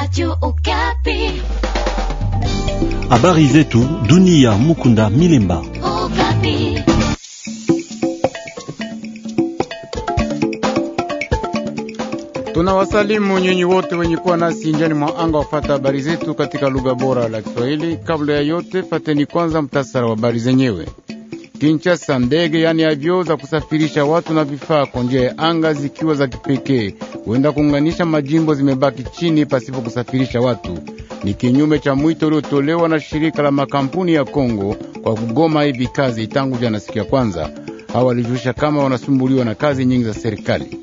Radio Okapi. Habari zetu dunia. Mukunda Milemba. Okapi. Tunawasalimu nyinyi wote wenye kuwa nasi njani mwa anga wafata habari zetu katika lugha bora la Kiswahili. Kabla ya yote, fateni kwanza mtasara wa habari zenyewe. Kinshasa, ndege yani avyo za kusafirisha watu na vifaa kwa njia ya anga zikiwa za kipekee huenda kuunganisha majimbo zimebaki chini pasipo kusafirisha watu. Ni kinyume cha mwito uliotolewa na shirika la makampuni ya Kongo kwa kugoma hivi kazi tangu jana siku ya kwanza. Hawa walijulisha kama wanasumbuliwa na kazi nyingi za serikali.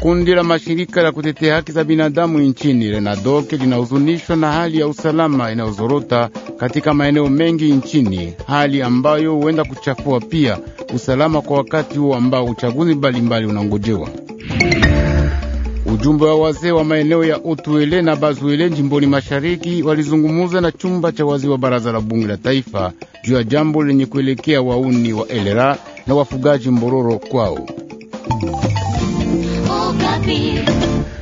Kundi la mashirika la kutetea haki za binadamu nchini Renadoke linahuzunishwa na hali ya usalama inayozorota katika maeneo mengi nchini, hali ambayo huenda kuchafua pia usalama kwa wakati huo ambao uchaguzi mbalimbali unangojewa. Ujumbe wa wazee wa maeneo ya Otuele na Bazuele jimboni mashariki walizungumuza na chumba cha wazee wa baraza la bunge la taifa juu ya jambo lenye kuelekea wauni wa elera na wafugaji mbororo kwao.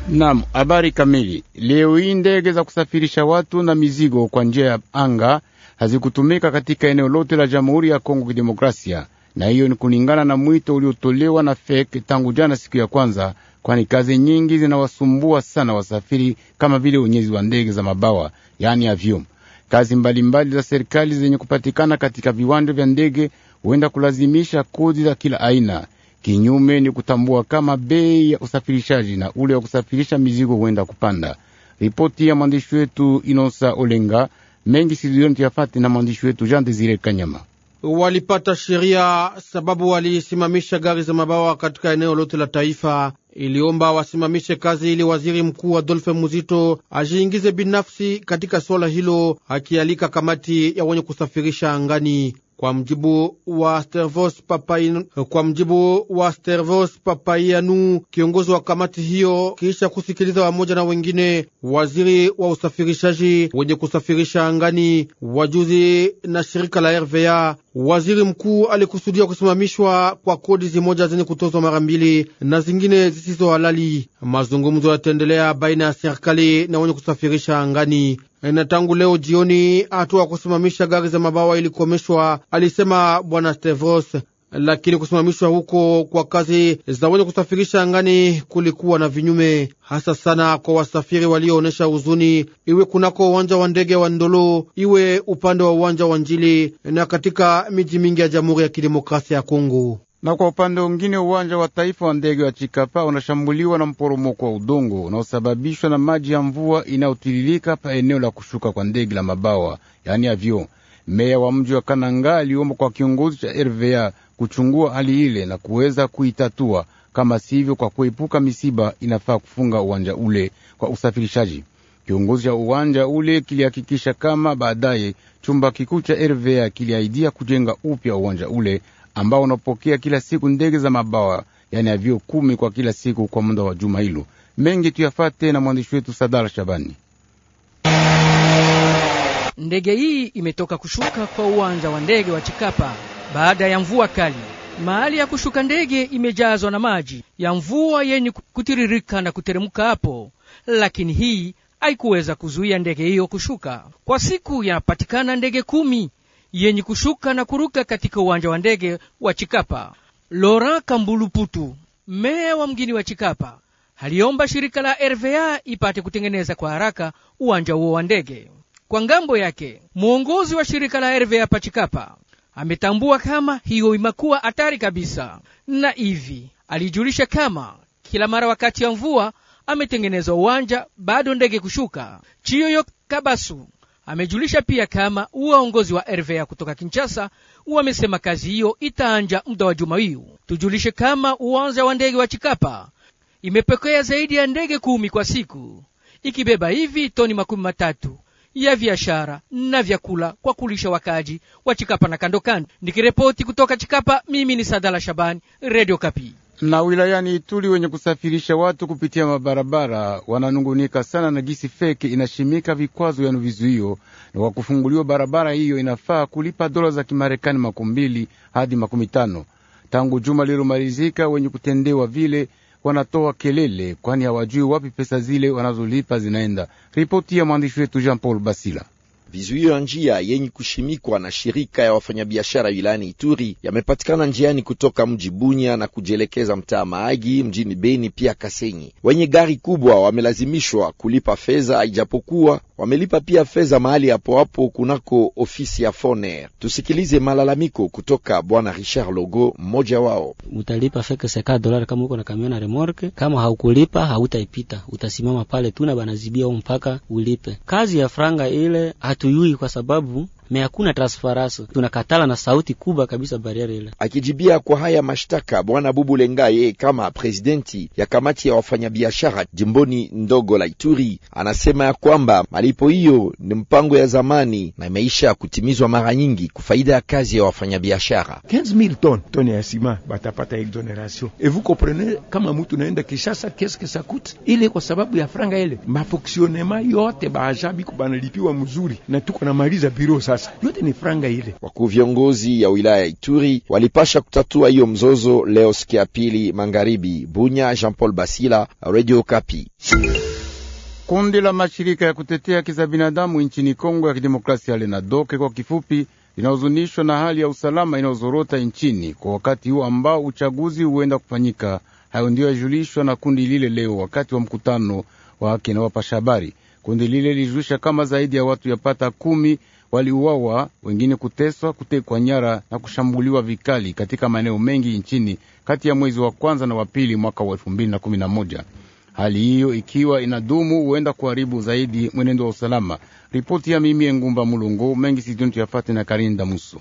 Naam, habari kamili. Leo hii ndege za kusafirisha watu na mizigo kwa njia ya anga hazikutumika katika eneo lote la Jamhuri ya Kongo Kidemokrasia, na hiyo ni kulingana na mwito uliotolewa na FEK tangu jana siku ya kwanza, kwani kazi nyingi zinawasumbua sana wasafiri kama vile wenyezi wa ndege za mabawa, yaani aviom. Kazi mbalimbali mbali za serikali zenye kupatikana katika viwanja vya ndege huenda kulazimisha kodi za kila aina Kinyume ni kutambua kama bei ya usafirishaji na ule wa kusafirisha mizigo huenda kupanda. Ripoti ya mwandishi wetu Inosa Olenga mengi sizioni Tuyafati na mwandishi wetu Jean Desire Kanyama. Walipata sheria sababu walisimamisha gari za mabawa katika eneo lote la taifa. Iliomba wasimamishe kazi ili waziri mkuu Adolphe Muzito ajiingize binafsi katika suala hilo, akialika kamati ya wenye kusafirisha angani kwa mjibu wa Stervos Papain, kwa mjibu wa Stervos Papaianu, kiongozi wa kamati hiyo, kisha kusikiliza wamoja na wengine waziri wa usafirishaji wenye kusafirisha angani, wajuzi na shirika la RVA, waziri mkuu alikusudia kusimamishwa kwa kodi zimoja zenye kutozwa mara mbili na zingine zisizo halali. Mazungumzo yataendelea baina ya serikali na wenye kusafirisha angani na tangu leo jioni hatua kusimamisha gari za mabawa ilikomeshwa, alisema Bwana Stevos. Lakini kusimamishwa huko kwa kazi za wenye kusafirisha angani kulikuwa na vinyume, hasa sana kwa wasafiri walioonyesha huzuni, iwe kunako uwanja wa ndege wa Ndolo, iwe upande wa uwanja wa Njili na katika miji mingi ya Jamhuri ya Kidemokrasia ya Kongo na kwa upande mwingine uwanja wa taifa wa ndege wa Chikapa unashambuliwa na mporomoko wa udongo unaosababishwa na maji ya mvua inayotiririka pa eneo la kushuka kwa ndege la mabawa yaani avyo. Meya wa mji wa Kananga aliomba kwa kiongozi cha RVA kuchungua hali ile na kuweza kuitatua, kama sivyo, kwa kuepuka misiba, inafaa kufunga uwanja ule kwa usafirishaji. Kiongozi cha uwanja ule kilihakikisha kama baadaye chumba kikuu cha RVA kiliaidia kujenga upya uwanja ule ambao unapokea kila siku ndege za mabawa yani avio kumi kwa kila siku kwa muda wa juma hilo. Mengi tuyafate na mwandishi wetu Sadala Shabani. Ndege hii imetoka kushuka kwa uwanja wa ndege wa Chikapa baada ya mvua kali. Mahali ya kushuka ndege imejazwa na maji ya mvua yenye kutiririka na kuteremka hapo, lakini hii haikuweza kuzuia ndege hiyo kushuka. Kwa siku yanapatikana ndege kumi yenye kushuka na kuruka katika uwanja wa ndege wa Chikapa. Lora Kambuluputu, meya wa mgini wa Chikapa, haliomba shirika la RVA ipate kutengeneza kwa haraka uwanja huo wa ndege. Kwa ngambo yake, mwongozi wa shirika la RVA pachikapa ametambua kama hiyo imakuwa hatari kabisa, na hivi alijulisha kama kila mara wakati ya mvua ametengenezwa uwanja bado ndege kushuka. Chiyoyo Kabasu Amejulisha pia kama uongozi wa RVA kutoka Kinshasa wamesema kazi hiyo itaanja muda wa juma hiyo. Tujulishe kama uwanja wa ndege wa Chikapa imepokea zaidi ya ndege kumi kwa siku ikibeba hivi toni makumi matatu ya biashara na vyakula kwa kulisha wakaji wa Chikapa na kandokando. Nikiripoti kutoka Chikapa, mimi ni Sadala Shabani, Radio kapii na wilayani ituli wenye kusafirisha watu kupitia mabarabara wananungunika sana na gisi feki inashimika vikwazo yanu vizuio, na kwa kufunguliwa barabara hiyo inafaa kulipa dola za Kimarekani makumi mbili hadi makumi tano. Tangu juma lililomalizika, wenye kutendewa vile wanatoa kelele, kwani hawajui wapi pesa zile wanazolipa zinaenda. Ripoti ya mwandishi wetu Jean Paul Basila. Vizuio ya njia yenye kushimikwa na shirika ya wafanyabiashara wilayani Ituri yamepatikana njiani kutoka mji Bunya na kujielekeza mtaa Maagi mjini Beni, pia Kasenyi. Wenye gari kubwa wamelazimishwa kulipa fedha, ijapokuwa Wamelipa pia fedha mahali hapo hapo kunako ofisi ya Foner. Tusikilize malalamiko kutoka bwana Richard Logo, mmoja wao. utalipa feke seka dolari kama uko na kamion na remorke. Kama haukulipa hautaipita, utasimama pale tu na banazibia mpaka ulipe. Kazi ya franga ile hatuyui kwa sababu me hakuna transparansi, tunakatala na sauti kubwa kabisa bariere ile. Akijibia kwa haya mashtaka, bwana Bubu Lengaye kama presidenti ya kamati ya wafanyabiashara jimboni ndogo la Ituri anasema ya kwamba malipo hiyo ni mpango ya zamani na imeisha kutimizwa mara nyingi kufaida ya kazi ya wafanyabiashara. 15000 ton toni ya sima batapata exoneration et vous comprenez, kama mtu naenda Kishasa keske sakut ile kwa sababu ya franga ile, mafonksionema yote baajabiku banalipiwa mzuri na tuko namaliza biro sa sasa, yote ni franga ile. Wakuu viongozi ya wilaya ya Ituri walipasha kutatua hiyo mzozo leo siku ya pili magharibi. Bunya, Jean Paul Basila, Radio Kapi. Kundi la mashirika ya kutetea haki za binadamu nchini Kongo ya Kidemokrasia, Lenadoke kwa kifupi, linahuzunishwa na hali ya usalama inayozorota nchini kwa wakati huo ambao uchaguzi huenda kufanyika. Hayo ndiyo yajulishwa na kundi lile leo wakati wa mkutano wake na wapasha habari. Kundi lile lilijulisha kama zaidi ya watu yapata kumi waliuawa, wengine kuteswa, kutekwa nyara na kushambuliwa vikali katika maeneo mengi nchini kati ya mwezi wa kwanza na wa pili mwaka wa elfu mbili na kumi na moja. Hali hiyo ikiwa inadumu huenda kuharibu zaidi mwenendo wa usalama. Ripoti ya mimi Engumba Mulungu mengi situntu yafati na Karinda Muso.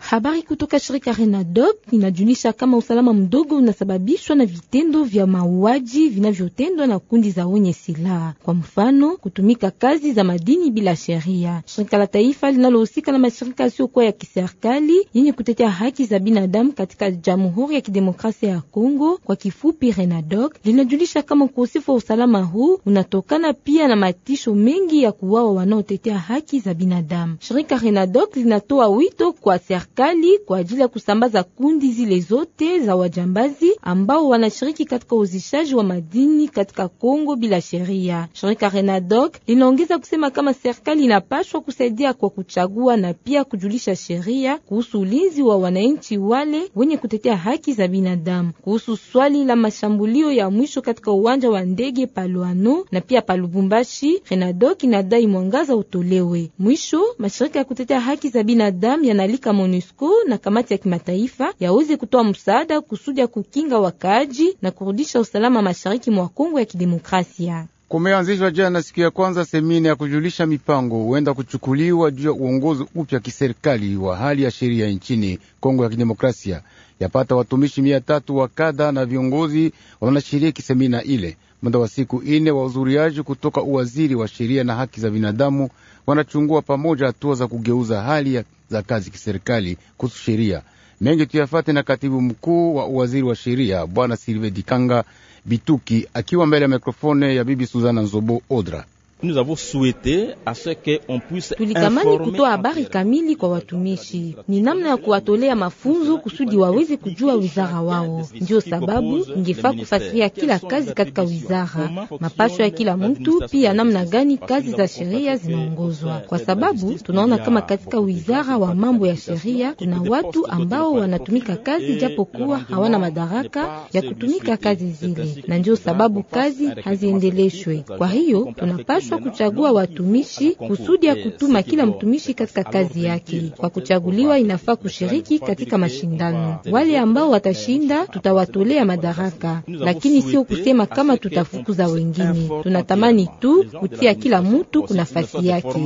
Habari kutoka shirika Renadop inajulisha kama usalama mdogo unasababishwa na vitendo vya mauaji vinavyotendwa na kundi za wenye silaha, kwa mfano kutumika kazi za madini bila sheria. Shirika la taifa linalohusika na mashirika yasiyokuwa ya kiserikali yenye kutetea haki za binadamu katika Jamhuri ya Kidemokrasia ya Kongo, kwa kifupi Renadok, linajulisha kama ukosefu wa usalama huu unatokana pia na matisho mengi ya kuwawa wanaotetea haki za binadamu. Shirika Renadok linatoa wito kwa serikali serikali kwa ajili ya kusambaza kundi zile zote za wajambazi ambao wanashiriki katika uzishaji wa madini katika Kongo bila sheria. Shirika Renadoc linaongeza kusema kama serikali inapashwa kusaidia kwa kuchagua na pia kujulisha sheria kuhusu ulinzi wa wananchi wale wenye kutetea haki za binadamu. Kuhusu swali la mashambulio ya mwisho katika uwanja wa ndege Paluano na pia Palubumbashi, Renadoc inadai mwangaza utolewe. Mwisho, mashirika ya kutetea haki za binadamu yanalika UNESCO na kamati ya kimataifa yaweze kutoa msaada kusudi ya kukinga wakaaji na kurudisha usalama mashariki mwa Kongo ya Kidemokrasia. Kumeanzishwa jana siku ya kwanza semina ya kujulisha mipango huenda kuchukuliwa juu ya uongozi upya kiserikali wa hali ya sheria nchini Kongo ya Kidemokrasia. Yapata watumishi mia tatu wa kadha na viongozi wanashiriki semina ile muda wa siku ine. Wahudhuriaji kutoka uwaziri wa sheria na haki za binadamu wanachungua pamoja hatua za kugeuza hali ya za kazi kiserikali kuhusu sheria mengi tuyafate na katibu mkuu wa uwaziri wa sheria Bwana Silve Dikanga Bituki akiwa mbele ya mikrofone ya bibi Suzana Nzobo Odra. Nous avons souhaité à ce que on puisse tulitamani kutoa habari kamili kwa watumishi, ni namna ya kuwatolea mafunzo kusudi waweze kujua wizara wao. Ndio sababu ingefaa kufasiria kila kazi katika wizara, mapasho ya kila mtu, pia namna gani kazi za sheria zinaongozwa, kwa sababu tunaona kama katika wizara wa mambo ya sheria kuna watu ambao wanatumika kazi japokuwa hawana madaraka ya kutumika kazi zile, na ndio sababu kazi haziendeleshwe. Kwa hiyo tunapaswa wanapashwa kuchagua watumishi kusudi ya kutuma kila mtumishi katika kazi yake. Kwa kuchaguliwa, inafaa kushiriki katika mashindano. Wale ambao watashinda tutawatolea madaraka, lakini sio kusema kama tutafukuza wengine. Tunatamani tu kutia kila mtu ku nafasi yake.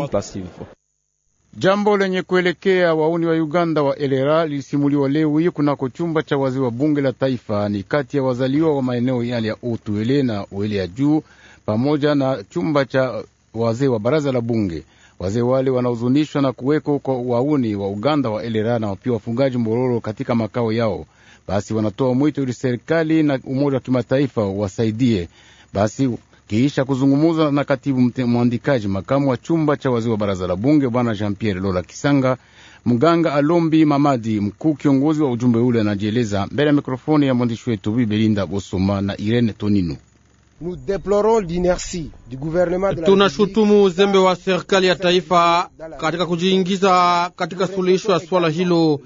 Jambo lenye kuelekea wauni wa Uganda wa elera lilisimuliwa leo hii kunako chumba cha wazee wa bunge la taifa. Ni kati ya wazaliwa wa maeneo yale ya utuele na uele ya juu pamoja na chumba cha wazee wa baraza la bunge. Wazee wale wanahuzunishwa na kuweko kwa wauni wa Uganda wa elera na pia wafungaji mbororo katika makao yao. Basi wanatoa mwito ili serikali na umoja wa kimataifa wasaidie. Basi kiisha kuzungumuza na katibu mwandikaji makamu wa chumba cha wazee wa baraza la bunge bwana Jean Pierre Lola Kisanga, mganga Alombi Mamadi, mkuu kiongozi wa ujumbe ule, anajieleza mbele ya mikrofoni ya mwandishi wetu Bibelinda Bosoma na Irene Tonino. Tunashutumu uzembe wa serikali ya taifa katika kujiingiza katika suluhisho ya swala hilo.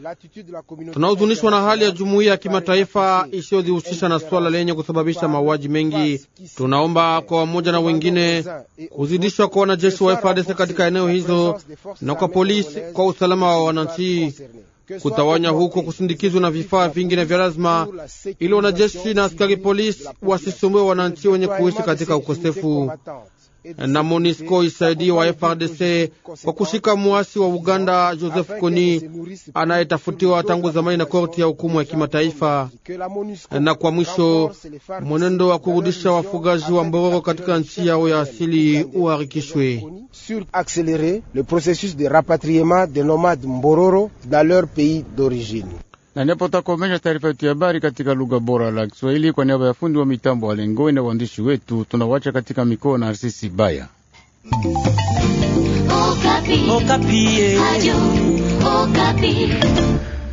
Tunahuzunishwa na hali ya jumuiya ya kimataifa isiyojihusisha na swala lenye kusababisha mauaji mengi. Tunaomba kwa wamoja na wengine kuzidishwa kwa wanajeshi wa FARDC katika eneo hizo na kwa polisi kwa usalama wa wananchi. Kutawanya huko kusindikizwa na vifaa na vya lazima, ili wanajeshi na askari polisi wasisumbue wananchi wenye kuishi katika ukosefu na MONUSCO isaidii wa FRDC kwa kushika muasi wa Uganda Joseph Kony anayetafutiwa tangu zamani na korti ya hukumu ya kimataifa. Na kwa mwisho, mwenendo wa kurudisha wafugaji wa mbororo katika nchi yao ya asili uharikishwe. Le processus de rapatriement des nomades mbororo dans leur pays d'origine na niapo takomesha taarifa yetu ya habari katika lugha bora la Kiswahili. Kwa niaba ya fundi wa mitambo wa Lengoi na waandishi wetu, tunawacha katika mikoa na arsisi baya Okapi. Okapi. Eh.